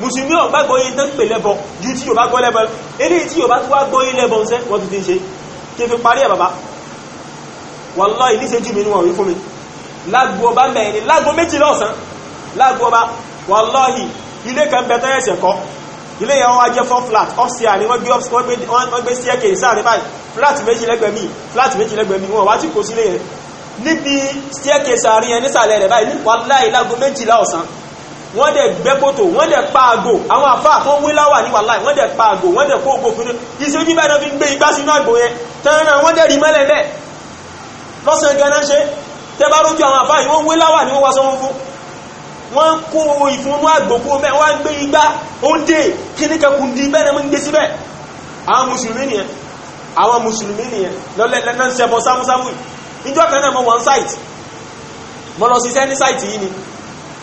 mùsùlùmí ò gbàgbọ́ yé tán pè lẹ́bọ ju tí Yorùbá gbọ́ lẹ́bọ eléyìí tí Yorùbá tó wá gbọ́ yé lẹ́bọ ń sẹ́ wọ́n ti ti ń ṣe kí n fi ni wọ́n wí fún mi lágbo wàláhì ilé kan bẹ tẹ́yẹ̀ ṣẹ̀kọ́ ilé yẹn wá jẹ́ four flat upstairs ni wọ́n gbé wọ́n gbé staircase sáà ní báyìí flat méjì lẹ́gbẹ̀ẹ́ mi flat méjì lẹ́gbẹ̀ẹ́ mi wọ́n wá tí kò sílé yẹn níbi staircase àárín yẹn nísàlẹ̀ rẹ̀ báyìí wàláhì lágo méjìlá ọ̀sán wọ́n dẹ̀ gbẹ́ kòtò wọ́n dẹ̀ pa àgò àwọn àfá àtún wíláwà ní wàláì wọ́n dẹ̀ pa àgò wọ́n dẹ̀ kó ògbò fún iṣẹ́ bíbá ẹ̀nà fi gbé igbá sínú àgbò yẹn tẹ́rànà wọ́n dẹ̀ rí mẹ́lẹ̀ lọ́sàn ganan ṣe tẹ́bá rójú àwọn àfá yìí wọ́n wíláwà ní wọ́n wá sọ́wọ́n fún wọ́n ń kó ìfúnnú àgbòkú mẹ́ wọ́n ń gbé igbá oúnjẹ kíníkẹkùn di bẹ́ẹ̀ mú ń gbé síbẹ̀ àwọn mùsùlùmí nìyẹn àwọn mùsùlùmí nìyẹn lọ́lẹ̀ lẹ́nà ń ṣẹbọ sámúsámú ìjọ kan náà mọ wọn sáìtì mo lọ ṣiṣẹ́ ní sáìtì yìí ni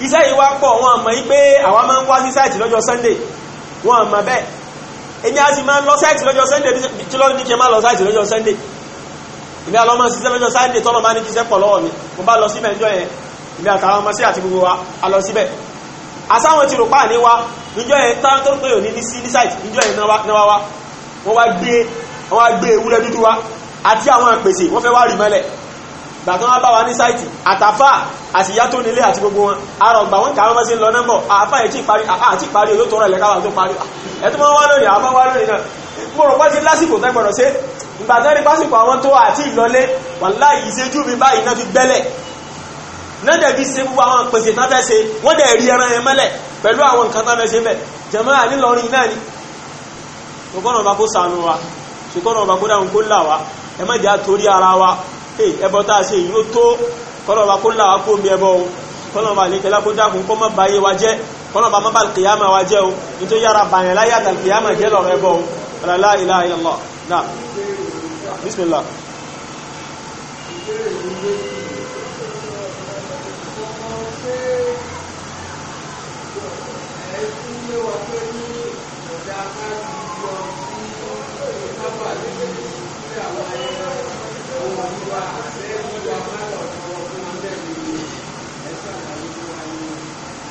iṣẹ́ yìí wá pọ̀ wọn mọ̀ yí pé àwọn máa ń wá sí sáìtì lọ́jọ́ sunday wọn mọ̀ bẹ́ẹ̀ èmi á sì máa ń lọ sáìtì lọ́jọ́ sunday tí lọ́dún ní kí n máa lọ sáìtì lọ́jọ́ sunday ìgbà lọ́mọ ṣiṣẹ́ lọ́jọ́ sunday tọ́lọ́ máa ní kí iṣẹ́ pọ̀ lọ́wọ́ mi mo bá lọ sí mẹ́jọ yẹn ìbí àtàwọn ọmọ sí àti gbogbo wa a lọ síbẹ̀ asáwọn ti rò pa ní wa níjọ́ yẹn tán tó pè ní ní sí ní site níjọ́ yẹn náà wá wọ́n wá gbé wọ́n wá gbé ewúrẹ́ dúdú wa àti àwọn àpèsè wọ́n fẹ́ wá rì mọ́lẹ̀ gbàtán wá bá wa ní sáìtì àtàfà àti ìyá tó nílé àti gbogbo wọn àrọ̀ gbà wọ́n kàwọn mọ́sí lọ nẹ́bọ̀ àfà ẹ̀ tí parí àti parí olóòtú ọ̀rọ̀ ẹ̀lẹ́kàwà tó parí ẹ̀tọ́ wá lónìí àmọ́ wá lónìí náà mo rò pọ́sí lásìkò tẹ́gbọ̀rọ̀ sí ìgbàtán rí pásìkò àwọn tó àti ìlọlé wà láì ìṣẹ́jú mi báyìí náà fi gbẹ́lẹ̀ náà dẹ̀bi ṣe gbogbo àwọn pèsè tán fẹ́ ṣe wọ́n dẹ̀ rí ẹran yẹn mẹ́lẹ̀ pẹ̀lú àwọn nǹkan tán fẹ́ ṣe bẹ̀ jẹ̀mọ́ ànílọrin náà ni ṣùgbọ́n ọba kó sànù wa ṣùgbọ́n ọba kó dáhùn kó là wa ẹ má jẹ́ àtórí ara wa ẹbọ tá a ṣe yìí ó tó kọ́nà ọba kó là wa kó mi ẹbọ o kọ́nà ọba àlékẹ́lá kó dákun kó má ba ayé wa jẹ́ kọ́nà ọba má ba kìyàmà wa jẹ́ o nítorí yàrá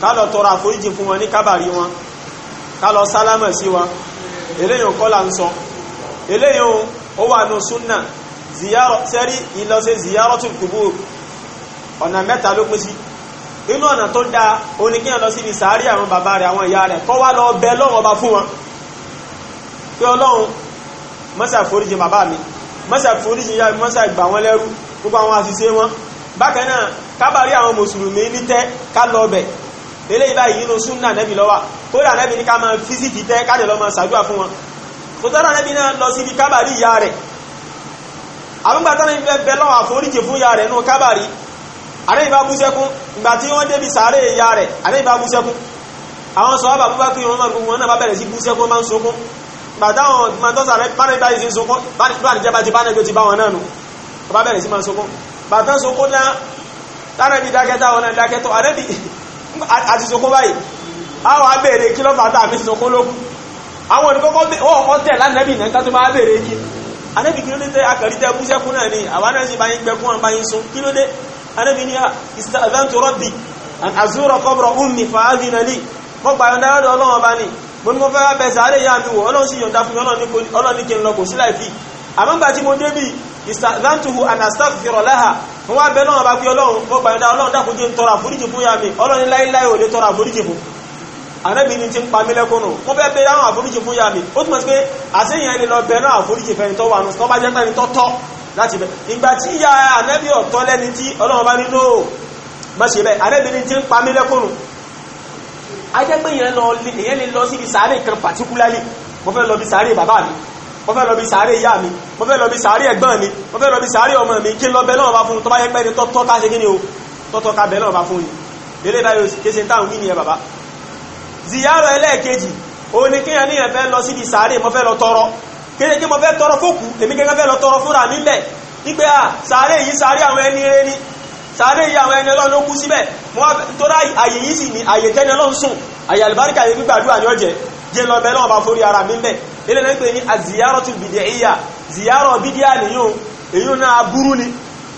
ká lọ tọrọ àforíjì fún wọn ní kábàrí wọn ká lọ sálámà sí wọn eléyìn kọ́ là ń sọ eléyìn ó wà ní súnà sẹ́rí ìlọsẹ̀ ziyaratul qubur ọ̀nà mẹ́ta ló pín sí inú ọ̀nà tó dáa oníkíyàn lọ síbi sàárì àwọn bàbá rẹ̀ àwọn ìyá rẹ̀ kọ́ wá lọ bẹ lọ́wọ́ bá fún wọn pé ọlọ́run mọ́sà foríjì bàbá mi mọ́sà foríjì yá mi ìgbà wọn lẹ́rú gbogbo àwọn àṣìṣe wọn bákan náà kábàárí àwọn mùsùlùmí nítẹ́ ká lọ bẹ̀ eléyìí báyìí nínú súnà nẹ́bì lọ́wà kódà nẹ́bì ní ká máa fi sí ti tẹ́ káàdẹ̀ lọ máa ṣàdúrà fún wọn kò tọ́ra nẹ́bì náà lọ sí ibi kábàrí ìyá rẹ̀ àbúgbàtà nẹ́bì fẹ́ bẹ́ lọ́wọ́ àforíjì fún ìyá rẹ̀ nínú kábàrí àrẹ́bì bá bú sẹ́kún ìgbà tí wọ́n débi sàárè ìyá rẹ̀ àrẹ́bì bá bú sẹ́kún àwọn sọ wábà búbá kí wọ́n máa gbogbo wọn náà bá bẹ̀rẹ̀ sí bú sẹ́kún máa ń sunkún gbàdáwọn gbàdọ́sà rẹ̀ bá rẹ̀ yìí sí sunkún bá bá ti bá nẹ́jọ́ ti bá wọn náà nù bá bẹ̀rẹ̀ sí máa sunkún gbàdán sunkún náà tánàbí dákẹ́tà wọn náà dákẹ́tọ̀ àrẹ́bì àti sọkún báyìí àwọn abẹ́rẹ́ kí lọ́fà tá àfi sọkún lókù àwọn olùkọ́kọ́ wọ́n kọ́ tẹ̀ lánàbì náà ká tó máa bẹ̀rẹ̀ kí anábì kí ló dé tẹ́ akẹ́rí tẹ́ bú sẹ́kún náà ni àwọn anábì bá yín gbẹkún àwọn bá yín sún kí ló dé anábì ní ìsàdántu rabbi an azura qabra ummi fa'adhina li mo gbà yọ̀ǹda lọ́dọ̀ ọlọ́wọ́n bá ní mo ní mo fẹ́ bẹ̀ sáré yá mi wò ọlọ́run sì yọ̀ǹda fún mi ọlọ́run ní kí n lọ kò sí láì fi àmọ́ gbà tí mo débì ìsàdántuhu anastaghfira laha wọ́n wá bẹ́ náà bá pé ọlọ́run mo gbà yọ̀ǹda ọlọ́run dákun jẹ́ ń tọrọ àforíjì fún ya mi ọlọ́run láíláí ò lè tọrọ àforíjì fún àrẹ́bí ni ti ń pa mí lẹ́kùnrùn mo fẹ́ bẹ́ dáhùn àforíjì fún ya mi ó túnmọ̀ sí pé àṣeyàn ẹni lọ bẹ́ náà àforíjì fẹ́ni tọ́ wà nù tọ́ bá jẹ́ pẹ́ni tọ́ tọ́ láti bẹ́ ìgbà tí ya àrẹ́bí ọ̀tọ́ lẹ́ni tí ọlọ́run bá nínú má ṣe bẹ́ àrẹ́bí ni ti ń pa mí lẹ́kùnrùn ajẹ́pẹ́ yẹn lọ èyẹ́ lè lọ síbi sàárè kan pàtíkúlálì mo fẹ́ lọ bí sàárè bàbá mi mo fẹ́ lọ bí sàárè ìyá mi mo fẹ́ lọ bí sàárè ẹ̀gbọ́n mi mo fẹ́ lọ bí sàárè ọmọ mi kí n lọ bẹ náà bá fún un tó bá yẹ pẹ́ ni tọ́tọ́ ká ṣe kí ni o tọ́tọ́ ká bẹ náà bá fún un ni lélẹ́ báyìí kéṣe táwọn yìí ni ẹ bàbá ziyarọ ẹlẹ́ẹ̀kejì òun ni kéèyàn níyàn fẹ́ lọ síbi sàárè mo fẹ́ lọ tọrọ kí mo fẹ́ tọrọ fókù lèmi gẹ́gẹ́ fẹ́ lọ tọrọ fúnra mi bẹ̀ wípé à ah, sàárè yìí sàárè àwọn ẹni ni sàárè yìí àwọn ẹni ọlọ́run ló kú síbẹ̀ mo ni àyè tẹ́ni ọlọ́run sùn àyè àlùbáríkà yìí gbígbàdúrà ni ó jẹ jẹ́ lọ ilẹ̀ náà pè ní àzìyárọ̀tù bìdìíyà ziyárọ̀ bídíà nìyún èyí náà aburú ni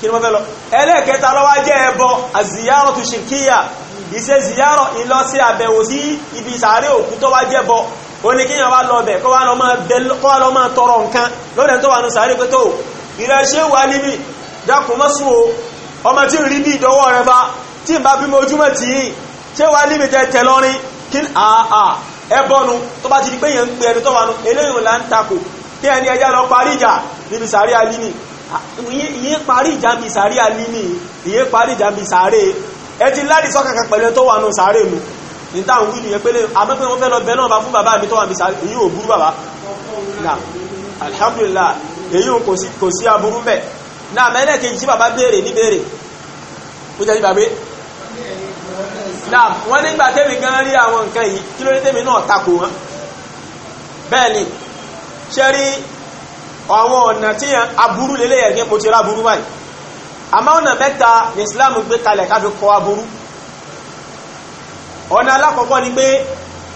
kí ni wọ́n fẹ́ lọ ẹlẹ́ẹ̀kẹta lọ́wọ́ jẹ́ ẹbọ àzìyárọ̀tù ṣìkíyà ìṣe ziyárọ̀ ìlọ sí àbẹ̀wò sí ibi ìsàárẹ̀ òkú tó wá jẹ́bọ ó ní kíyàn wá lọ bẹ̀ kó wá lọ máa tọrọ nǹkan lónìí tó wà ní sàárẹ̀ pé tó ìrẹsẹ̀ wà níbi dákun mọ́sùn o ọmọ tí ń rí bí ìdọwọ́ rẹ bá tí ń bá bímọ ojúmọ̀ tí ṣé wà níbi tẹ́ lọ́rin kí ni àà ẹbọnu tó bá ti di pé yẹn ń pe ẹni tó wánu eléyìn là ń takò kí ẹni ẹjá lọ parí ìjà níbi sàárè alíní ìyẹn parí ìjà níbi sàárè alíní ìyẹn parí ìjà níbi sàárè ẹ ti láti sọ kankan pẹ̀lú tó wánu sàárè mu ní táwọn wí nìyẹn pé amẹ́pẹ́ wọn fẹ́ lọ bẹ́ẹ̀ náà bá fún bàbá mi tó wà níbi sàárè èyí ò burú bàbá alhamdulillah èyí kò sí aburú bẹ́ẹ̀ náà mẹ́lẹ́kejì tí bàbá béèrè ní béèrè ó jẹ́ ní bàbá islam wọ́n nígbà tẹ́mi gan rí àwọn nǹkan yìí kí ló dé tẹ́mi náà takò wọ́n bẹ́ẹ̀ ni ṣe rí àwọn ọ̀nà tí aburú lélẹ̀ ẹ̀gbẹ́ mo ti rá aburú báyìí àmọ́ ọ̀nà mẹ́ta ní islam gbé kalẹ̀ káfí kọ aburú ọ̀nà alákọ̀ọ́kọ́ ni pé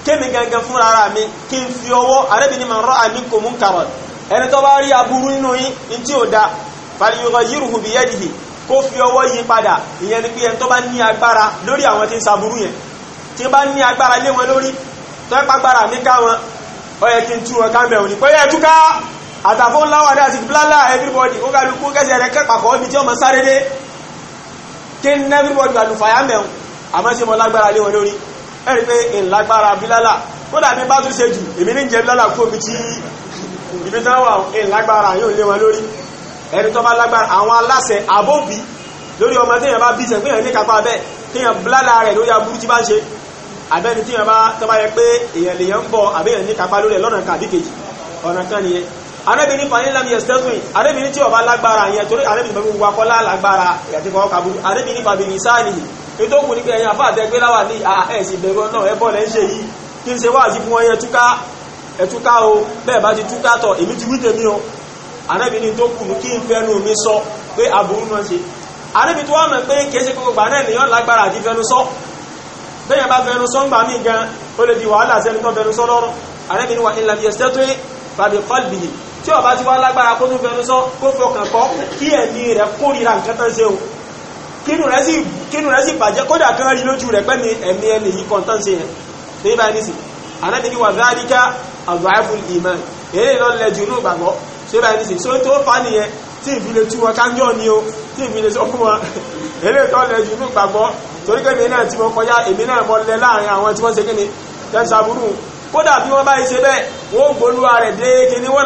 kémi gangan fúnra ara mi kí n fi ọwọ́ arẹ́bìnrin man ra'a minkum munkaran ẹni tó bá rí aburú nínú yín ní tí ò da falyughayyirhu biyadihi kó fi ọwọ́ yí padà ìyẹn ni pé ẹni tó bá ní agbára lórí àwọn tí ń saburú yẹn tí bá ní agbára lé wọn lórí tó ẹ́pá agbára mi ká wọn ó yẹ kí n tú wọn ká mẹ́wọ̀n ní pẹ́yẹ túká àtàfó ńlá wà dáa sí blálà everybody ó kálukú kẹsẹ̀ rẹ kẹ́pàkọ́ ibi tí ọmọ sáré dé kí n ní everybody wàlú fàyà mẹ́wọ̀n àmọ́ sí mo lágbára lé wọn lórí ẹ rí pé ìlágbára blálà kódà mi bá tún ṣe jù èmi ní jẹ blálà kú omi tí ibi tí wọn wà ìlágbára yóò lé wọn lórí ẹni tó bá lágbára àwọn aláṣẹ àbóbi lórí ọmọ téèyàn bá bí sẹ̀péyàn ní kápá bẹ́ẹ̀ téèyàn bládà rẹ̀ lórí aburú tí bá ń ṣe àbẹ́ni téèyàn bá tó bá yẹ pé èèyàn lèèyàn ń bọ̀ àbẹ́yàn ní kápá lórí ẹ̀ lọ́nà kan àbí kejì ọ̀nà kan nìyẹn arábìnrin fàyín lami ẹ̀sítẹ́sùn arábìnrin tí ọba lágbára yẹn torí arábìnrin bàbí wa kọ́lá lágbára ìyàtí fọwọ́ kaburu arábìnrin ah, o bẹ́ẹ̀ bá ti túká tọ̀ anábì ní tó kù mú kí n fẹ́nu mi sọ pé aburú náà ṣe anábì tó wà mọ̀ pé kéṣe gbogbo gbà náà nìyàn lágbára àti fẹ́nu sọ bẹ́yàn bá fẹ́nu sọ ń gbà mí gan ó lè di wàhálà sẹ́ni tó fẹ́nu sọ lọ́rọ̀ anábì ní wà ilẹ̀ bí ẹsẹ̀ tó yẹ bàbí qalbihi tí ó bá ti wá lágbára kó tún fẹ́nu sọ kó fọkàn kọ́ kí ẹ̀mí rẹ̀ kórìíra nǹkan tán ṣe o kínú rẹ̀ sì bàjẹ́ kódà kan rí lójú rẹ̀ pẹ́ni ẹ̀mí ẹni yìí kan ṣé báyìí ní sè so tó fà nìyẹn tí ìfilẹ̀ tú wọn kájọ́ ni o tí ìfilẹ̀ sọ fún wọn eré tó lẹ jù ní gbàgbọ́ torí pé èmi náà tí mo kọjá èmi náà mọ lẹ láàrin àwọn tí wọ́n ṣe kíni tẹ́sà burú kódà bí wọ́n báyìí ṣe bẹ́ẹ̀ wọ́n gbólúwa rẹ̀ dé kíní wọ́n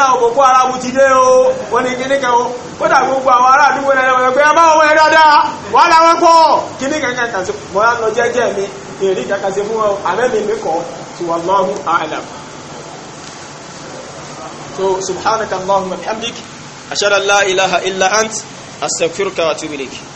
làwọn boko haram ti dé o wọ́n ní kíní kan o kódà gbogbo àwọn ará àdúgbò náà wọ́n pé ọba òun ẹ̀rọ dáa wọ́n làwọn pọ̀ kíní kankan kan sí mọ́ lọ jẹ́jẹ́ mi èrí kankan sí fún wọn So subhanaka Allahumma bihamdik ashhadu an la ilaha illa ant astaghfiruka wa atubu ilayk